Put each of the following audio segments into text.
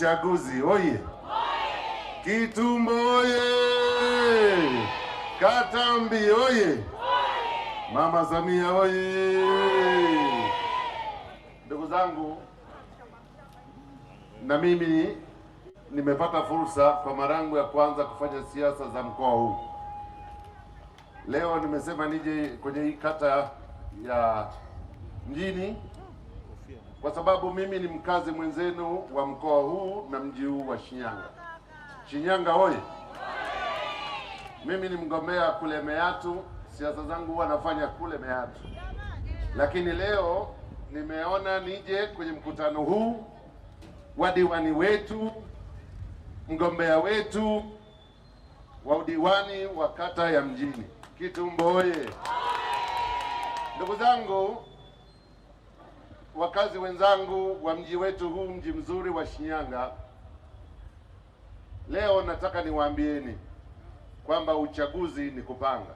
uchaguzi oye! Kitumbo oye! Katambi oye! Mama Samia oye! Ndugu zangu, na mimi nimepata fursa kwa mara yangu ya kwanza kufanya siasa za mkoa huu. Leo nimesema nije kwenye hii kata ya mjini kwa sababu mimi ni mkazi mwenzenu wa mkoa huu na mji huu wa Shinyanga. Shinyanga hoye! Mimi ni mgombea kule Meatu, siasa zangu huwa nafanya kule Meatu, lakini leo nimeona nije kwenye mkutano huu wa diwani wetu, mgombea wetu wa udiwani wa kata ya Mjini Kitumbo hoye! Ndugu zangu wakazi wenzangu wa mji wetu huu, mji mzuri wa Shinyanga, leo nataka niwaambieni kwamba uchaguzi ni kupanga.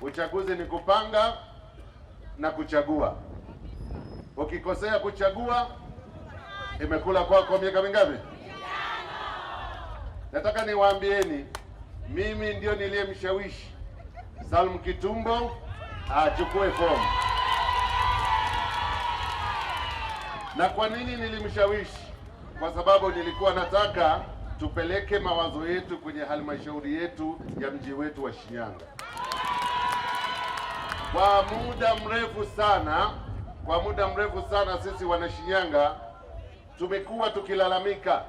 Uchaguzi ni kupanga na kuchagua. Ukikosea kuchagua, imekula kwako miaka mingapi? Nataka niwaambieni, mimi ndio niliyemshawishi Salum Kitumbo achukue fomu. Na kwa nini nilimshawishi? Kwa sababu nilikuwa nataka tupeleke mawazo yetu kwenye halmashauri yetu ya mji wetu wa Shinyanga. Kwa muda mrefu sana, kwa muda mrefu sana sisi wana shinyanga tumekuwa tukilalamika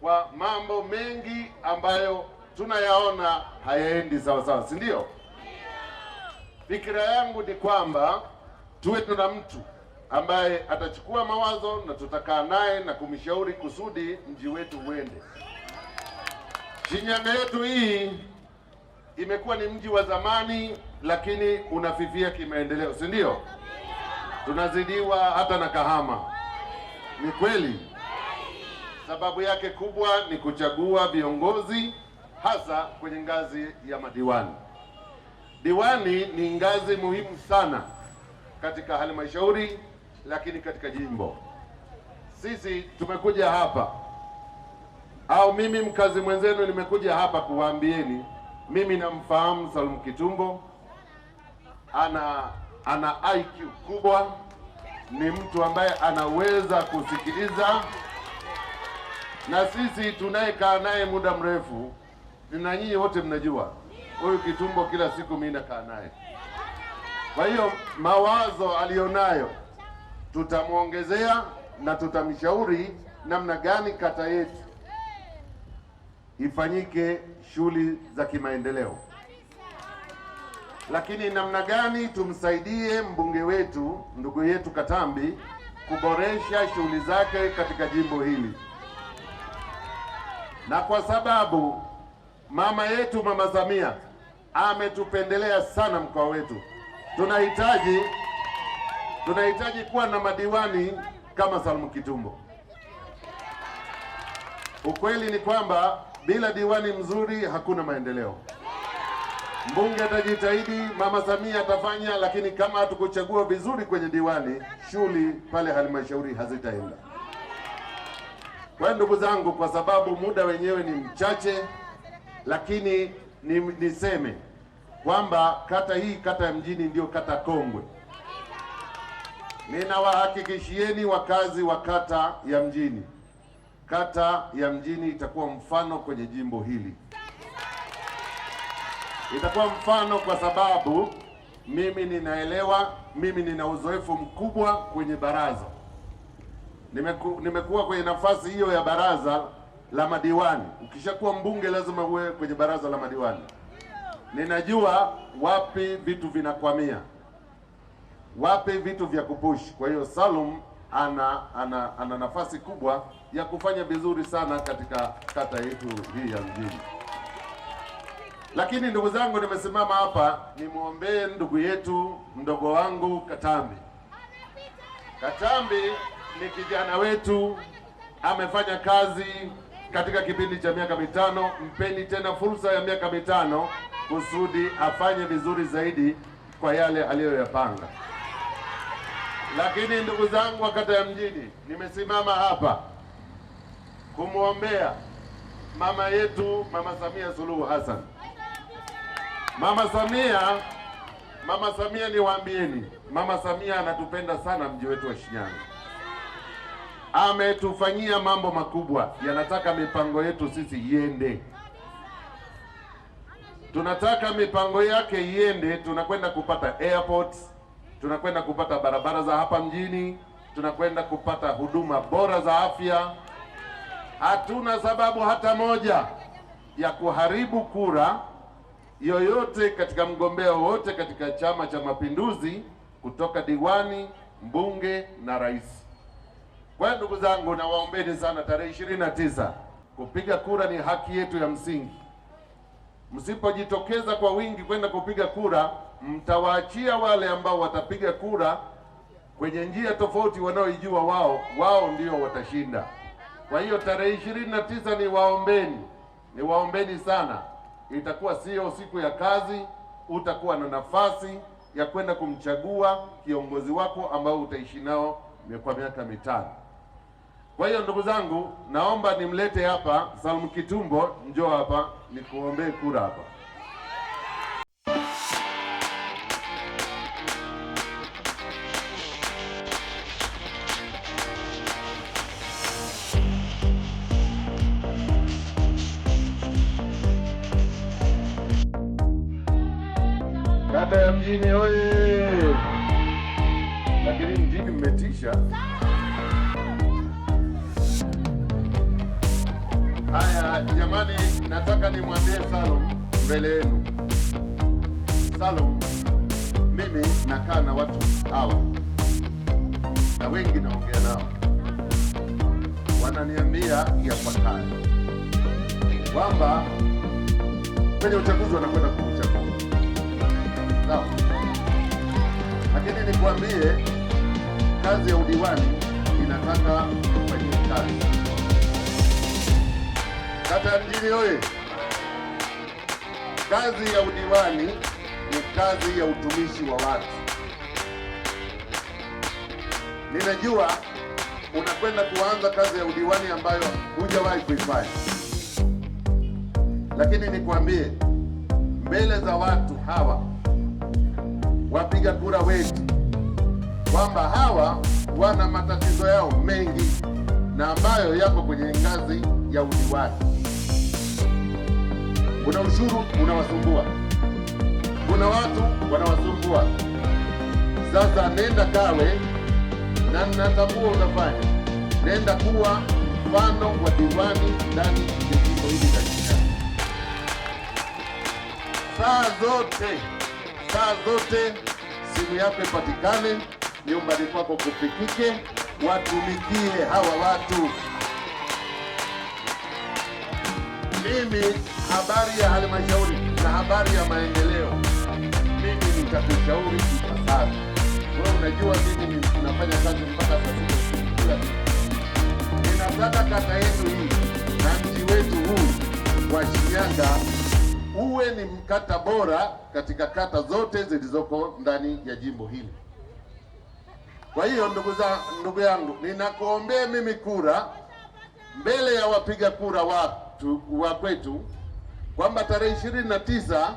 kwa mambo mengi ambayo tunayaona hayaendi sawa sawa, si ndio? Fikira yangu ni kwamba tuwe tuna mtu ambaye atachukua mawazo na tutakaa naye na kumshauri kusudi mji wetu uende. Shinyanga yetu hii imekuwa ni mji wa zamani, lakini unafifia kimaendeleo, si ndio? Tunazidiwa hata na Kahama, ni kweli. Sababu yake kubwa ni kuchagua viongozi, hasa kwenye ngazi ya madiwani. Diwani ni ngazi muhimu sana katika halmashauri, lakini katika jimbo. Sisi tumekuja hapa au mimi mkazi mwenzenu nimekuja hapa kuwaambieni, mimi namfahamu Salum Kitumbo, ana ana IQ kubwa, ni mtu ambaye anaweza kusikiliza, na sisi tunayekaa naye muda mrefu na nyinyi wote mnajua huyu Kitumbo kila siku mimi nakaa naye. Kwa hiyo mawazo aliyonayo tutamwongezea na tutamshauri namna gani kata yetu ifanyike shughuli za kimaendeleo, lakini namna gani tumsaidie mbunge wetu ndugu yetu Katambi kuboresha shughuli zake katika jimbo hili, na kwa sababu mama yetu Mama Samia ametupendelea sana mkoa wetu. Tunahitaji tunahitaji kuwa na madiwani kama Salum Kitumbo. Ukweli ni kwamba bila diwani mzuri hakuna maendeleo. Mbunge atajitahidi, mama Samia atafanya, lakini kama hatukuchagua vizuri kwenye diwani, shughuli pale halmashauri hazitaenda. Kwa ndugu zangu, kwa sababu muda wenyewe ni mchache, lakini ni, niseme kwamba kata hii kata ya mjini ndiyo kata kongwe. Ninawahakikishieni wakazi wa kata ya mjini, kata ya mjini itakuwa mfano kwenye jimbo hili, itakuwa mfano kwa sababu mimi ninaelewa, mimi nina uzoefu mkubwa kwenye baraza. Nimeku, nimekuwa kwenye nafasi hiyo ya baraza la madiwani. Ukishakuwa mbunge lazima uwe kwenye baraza la madiwani. Ninajua wapi vitu vinakwamia, wapi vitu vya kupush. Kwa hiyo Salum ana, ana, ana nafasi kubwa ya kufanya vizuri sana katika kata yetu hii ya mjini. Lakini ndugu zangu, nimesimama hapa nimwombee ndugu yetu mdogo wangu Katambi. Katambi ni kijana wetu, amefanya kazi katika kipindi cha miaka mitano. Mpeni tena fursa ya miaka mitano kusudi afanye vizuri zaidi kwa yale aliyoyapanga. Lakini ndugu zangu wa kata ya Mjini, nimesimama hapa kumwombea mama yetu, Mama Samia Suluhu Hassan. Mama Samia, Mama Samia, niwaambieni, Mama Samia anatupenda sana mji wetu wa Shinyanga ametufanyia mambo makubwa, yanataka mipango yetu sisi iende. Tunataka mipango yake iende. Tunakwenda kupata airport, tunakwenda kupata barabara za hapa mjini, tunakwenda kupata huduma bora za afya. Hatuna sababu hata moja ya kuharibu kura yoyote katika mgombea wote katika Chama cha Mapinduzi, kutoka diwani, mbunge na rais. Kwa hiyo ndugu zangu, nawaombeni sana, tarehe ishirini na tisa kupiga kura ni haki yetu ya msingi. Msipojitokeza kwa wingi kwenda kupiga kura, mtawaachia wale ambao watapiga kura kwenye njia tofauti wanaoijua wao, wao ndio watashinda. Kwa hiyo tarehe ishirini na tisa ni waombeni, ni waombeni sana. Itakuwa sio siku ya kazi, utakuwa na nafasi ya kwenda kumchagua kiongozi wako ambao utaishi nao kwa miaka mitano. Kwa hiyo ndugu zangu, naomba nimlete hapa Salum Kitumbo, njoo hapa nikuombee kura hapa. Kata ya mjini oye! Lakini mjini mmetisha. nataka nimwambie Salum mbele yenu. Salum, mimi nakaa na watu hawa na wengi naongea nao, wananiambia yafuatayo kwamba kwenye uchaguzi wanakwenda kuchagua, sawa, lakini nikuambie kazi ya udiwani inataka kufanyika kazi Kata Mjini oye! Kazi ya udiwani ni kazi ya utumishi wa watu. Ninajua unakwenda kuanza kazi ya udiwani ambayo hujawahi kuifanya, lakini nikwambie mbele za watu hawa wapiga kura wetu kwamba hawa wana matatizo yao mengi na ambayo yapo kwenye ngazi ya udiwani. Kuna ushuru unawasumbua, kuna watu wanawasumbua. Sasa nenda kawe, na natambua unafanya, nenda kuwa mfano wa diwani ndani ya jimbo hili la Shinyanga. Saa zote, saa zote simu yako ipatikane, nyumbani kwako kufikike watumikie hawa watu. Mimi habari ya halmashauri na habari ya maendeleo, mimi nitakushauri ipasavyo. Wewe unajua mimi ninafanya kazi mpaka sasa, ninataka kata yetu hii na mji wetu huu wa Shinyanga uwe ni mkata bora katika kata zote zilizoko ndani ya jimbo hili. Kwa hiyo ndugu za ndugu yangu, ninakuombea mimi kura mbele ya wapiga kura watu wa kwetu kwamba tarehe ishirini na tisa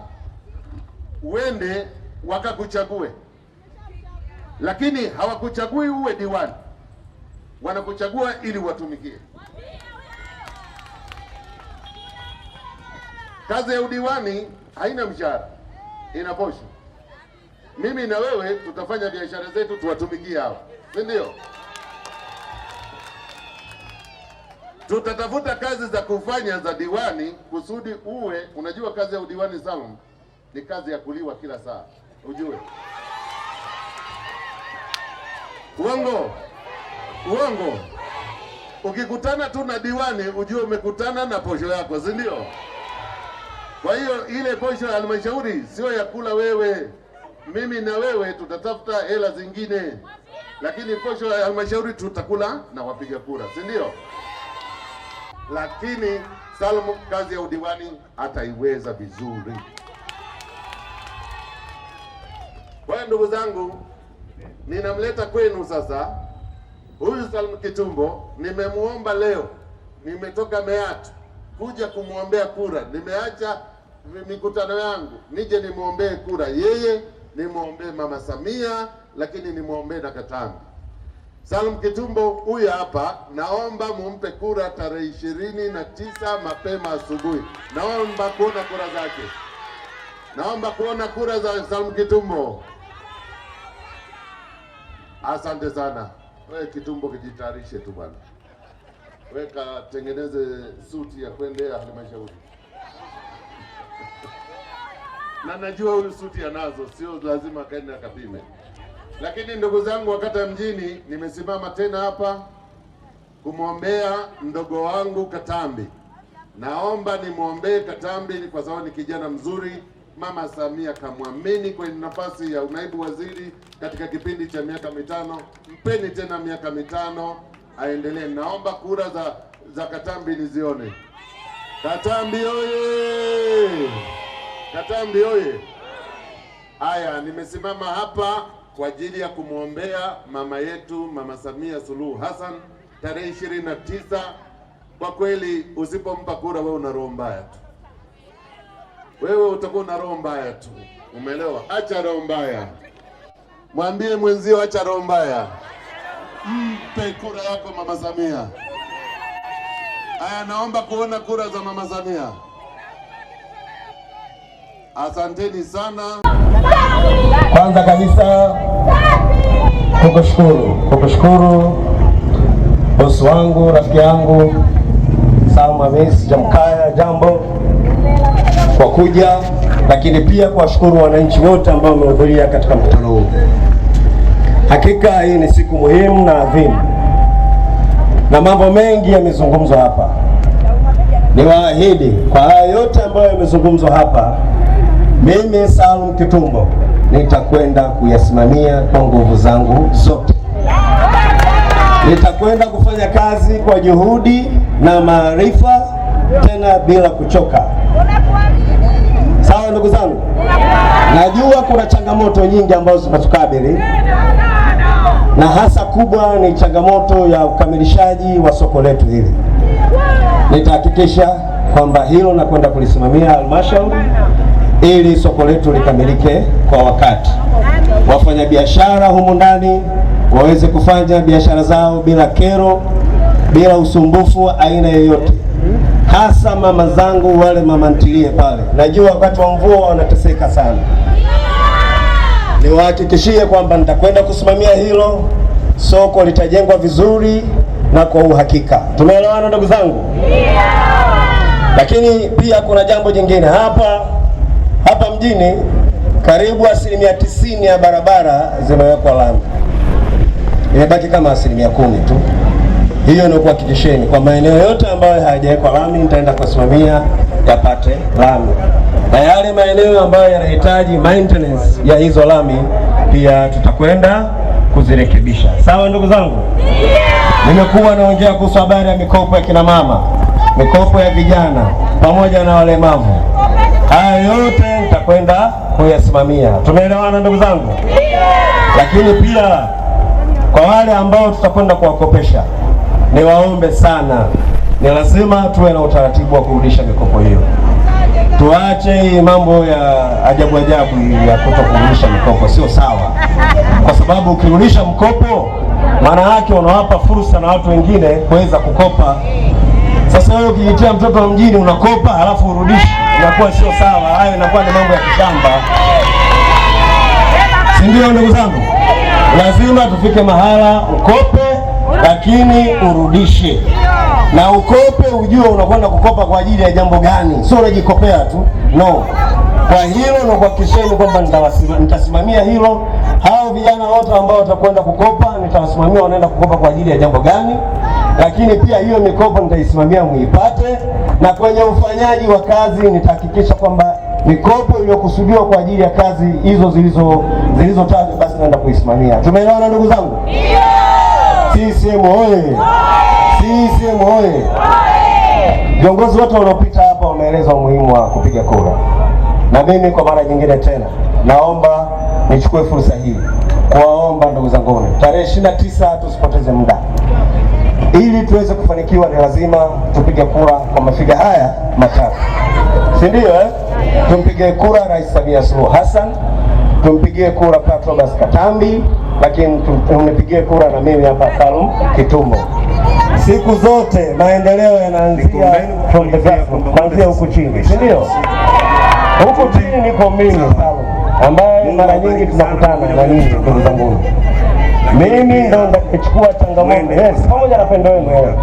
uende wakakuchague, lakini hawakuchagui uwe diwani, wanakuchagua ili watumikie. Kazi ya udiwani haina mshahara, ina posho mimi na wewe tutafanya biashara zetu tuwatumikie hawa, si ndio? Tutatafuta kazi za kufanya za diwani kusudi uwe unajua, kazi ya udiwani Salum ni kazi ya kuliwa kila saa, ujue uongo uongo. Ukikutana tu na diwani ujue umekutana na posho yako, si ndio? Kwa hiyo ile posho ya halmashauri sio ya kula wewe mimi na wewe tutatafuta hela zingine, lakini posho ya halmashauri tutakula na wapiga kura, si ndio? Lakini Salum kazi ya udiwani ataiweza vizuri. Kwa hiyo ndugu zangu, ninamleta kwenu sasa huyu Salum Kitumbo. Nimemuomba leo, nimetoka Meatu kuja kumwombea kura, nimeacha mikutano yangu nije nimwombee kura yeye nimwombee mama Samia, lakini nimwombee na Katambi. Salum Kitumbo huyu hapa, naomba mumpe kura tarehe ishirini na tisa mapema asubuhi. Naomba kuona kura zake, naomba kuona kura za Salum Kitumbo. Asante sana. Wewe Kitumbo, kijitayarishe tu bwana, weka tengeneze suti ya kuendea halmashauri na najua huyu suti anazo, sio lazima kaende akapime. Lakini ndugu zangu wa kata mjini, nimesimama tena hapa kumwombea mdogo wangu Katambi. Naomba nimwombee Katambi kwa sababu ni kijana mzuri. Mama Samia kamwamini kwenye nafasi ya unaibu waziri katika kipindi cha miaka mitano. Mpeni tena miaka mitano aendelee. Naomba kura za za Katambi nizione. Katambi oye! Katambi oye! Haya, nimesimama hapa kwa ajili ya kumwombea mama yetu Mama Samia Suluhu Hassan tarehe ishirini na tisa. Kwa kweli usipompa kura wewe una roho mbaya tu, wewe utakuwa una roho mbaya tu, umeelewa? Acha roho mbaya, mwambie mwenzio acha roho mbaya, mpe kura yako Mama Samia. Haya, naomba kuona kura za Mama Samia. Asanteni sana. Kwanza kabisa kukushukuru, kukushukuru bosi wangu, rafiki yangu Salma Miss Jamkaya, jambo kwa kuja, lakini pia kuwashukuru wananchi wote ambao wamehudhuria katika mkutano huu. Hakika hii ni siku muhimu na adhimu, na mambo mengi yamezungumzwa hapa. Niwaahidi kwa haya yote ambayo yamezungumzwa hapa mimi Salum Kitumbo nitakwenda kuyasimamia kwa nguvu zangu zote. Nitakwenda kufanya kazi kwa juhudi na maarifa, tena bila kuchoka. Sawa ndugu zangu, najua kuna changamoto nyingi ambazo zinatukabili na hasa kubwa ni changamoto ya ukamilishaji wa soko letu hili. Nitahakikisha kwamba hilo nakwenda kulisimamia halmashauri ili soko letu likamilike kwa wakati, wafanyabiashara humu ndani waweze kufanya biashara zao bila kero, bila usumbufu aina yoyote, hasa mama zangu wale mama ntilie pale. Najua wakati wa mvua wanateseka sana, niwahakikishie kwamba nitakwenda kusimamia hilo. Soko litajengwa vizuri na kwa uhakika. Tumeelewana ndugu zangu? Lakini pia kuna jambo jingine hapa hapa mjini karibu asilimia tisini ya barabara zimewekwa lami, imebaki kama asilimia kumi tu. Hiyo ndio kuhakikisheni kwa maeneo yote ambayo hayajawekwa lami nitaenda kusimamia yapate lami, na yale maeneo ambayo yanahitaji maintenance ya hizo lami pia tutakwenda kuzirekebisha. Sawa ndugu zangu, Nimekuwa naongea kuhusu habari ya mikopo ya kina mama, mikopo ya vijana pamoja na walemavu. Haya yote nitakwenda kuyasimamia. Tumeelewana ndugu zangu? Lakini pia kwa wale ambao tutakwenda kuwakopesha, niwaombe sana, ni lazima tuwe na utaratibu wa kurudisha mikopo hiyo. Tuache hii mambo ya ajabu ajabu ya kuto kurudisha mikopo, sio sawa, kwa sababu ukirudisha mkopo, maana yake unawapa fursa na watu wengine kuweza kukopa. Sasa wewe ukijitia mtoto wa mjini unakopa, halafu urudishi inakuwa sio sawa, hayo inakuwa ni mambo ya kishamba, si ndio? Ndugu zangu, lazima tufike mahala ukope, lakini urudishe na ukope, ujue unakwenda kukopa kwa ajili ya jambo gani, sio unajikopea tu no. Kwa hilo nakuhakikisheni kwamba nitasimamia hilo. Hao vijana wote ambao watakwenda kukopa, nitawasimamia wanaenda kukopa kwa ajili ya jambo gani, lakini pia hiyo mikopo nitaisimamia muipate na kwenye ufanyaji wa kazi nitahakikisha kwamba mikopo iliyokusudiwa kwa ajili ya kazi hizo zilizo zilizotajwa basi naenda kuisimamia. Tumeelewana ndugu zangu? Ndio. CCM oye! CCM oye! Viongozi wote wanaopita hapa wameeleza umuhimu wa kupiga kura, na mimi kwa mara nyingine tena naomba nichukue fursa hii kuwaomba ndugu zangu, tarehe 29 tusipoteze muda. Ili tuweze kufanikiwa ni lazima tupige kura kwa mafiga haya matatu, si ndio eh? Tumpigie kura Rais Samia Suluhu Hassan, tumpigie kura Patrobas Katambi, lakini tumpigie kura na mimi hapa Salum Kitumbo. Siku zote maendeleo yanaanzia kuanzia huku chini, si ndio? Huku chini niko mimi Salum, ambaye mara nyingi tunakutana na nyinyi ndugu zangu. Mimi ndo nitachukua changamoto yes, pamoja na pendo wenu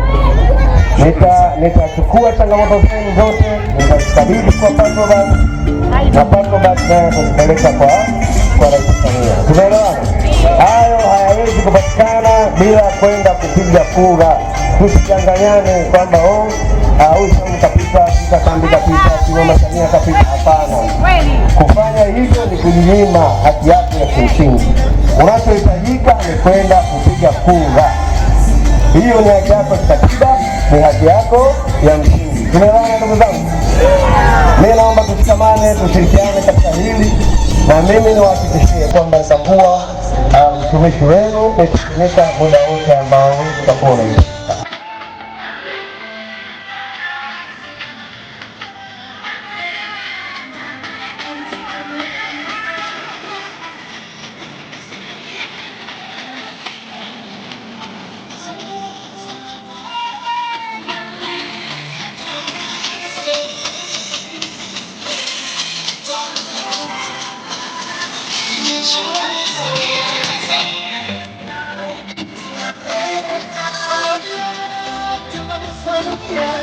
nitachukua changamoto zenu zote nitakabidhi kwa Patrobat na Patrobat naye kuzipeleka kwa Rais Samia. Tunaelewana? Hayo hayawezi kupatikana bila kwenda kupiga kura. Tusidanganyane kwamba oh, Ushamu kapita, kika Sambi kapita, Mama Samia kapita. Hapana, kufanya hivyo ni kunyima haki yako ya kimsingi unachohitajika ni kwenda kupiga kura. Hiyo ni haki yako kikatiba, ni haki yako ya msingi. Tunaelewana ndugu zangu? Mimi naomba tushikamane, tushirikiane katika hili, na mimi niwahakikishie kwamba nitakuwa ah, mtumishi wenu nikutumisha muda wote ambao tutakuwa unaishi Yes.